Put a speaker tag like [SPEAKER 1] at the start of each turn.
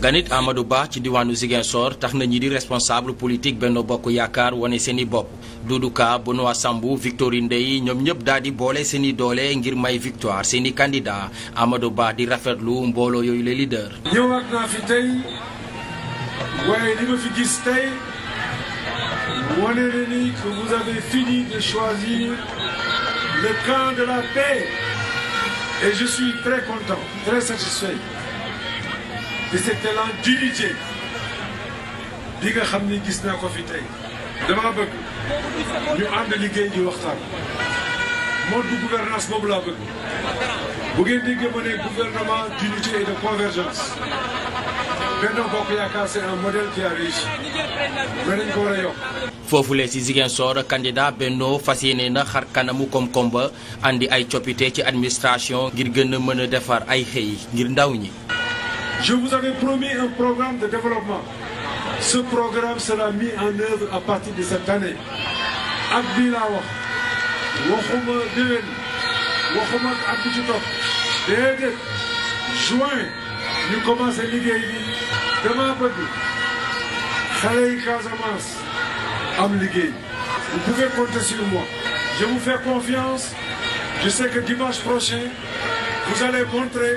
[SPEAKER 1] ganit Amadou baax ci diwaanu Ziguinchor tax na ñi di responsable politique benn Bokk Yaakaar wane seeni i bopp Doudou Ka Benoît Sambou Victorine Ndeye ñoom ñëpp daal di boole seeni doole ngir may victoire seen i candidat Amadou baax di rafetlu mbooloo yooyu la leader.
[SPEAKER 2] ñëwaat naa fi tey waaye li ma fi gis tey wane na que vous avez fini de choisir le camp de la paix et je suis très content de nga xam ni gis naa ko fi tey dama bëgg Bokk Yaakaar c'est a réussi mais dañ ko war a yokk foofulee
[SPEAKER 1] ci Ziguinchor candidat Benno fas yéene na xar kanamu koom-koom ba andi ay coppite ci administration ngir gën a mën a defar ay xëy ngir ndaw ñi
[SPEAKER 2] Je vous avais promis un programme de développement. Ce programme sera mis en œuvre à partir de cette année. ak bii laa wax waxuma déwén juin ñu commencé liggéey bi dama bëgg xale yi am liggéey. vous pouvez compter sur moi. je vous fais confiance je sais que dimanche prochain vous allez montrer.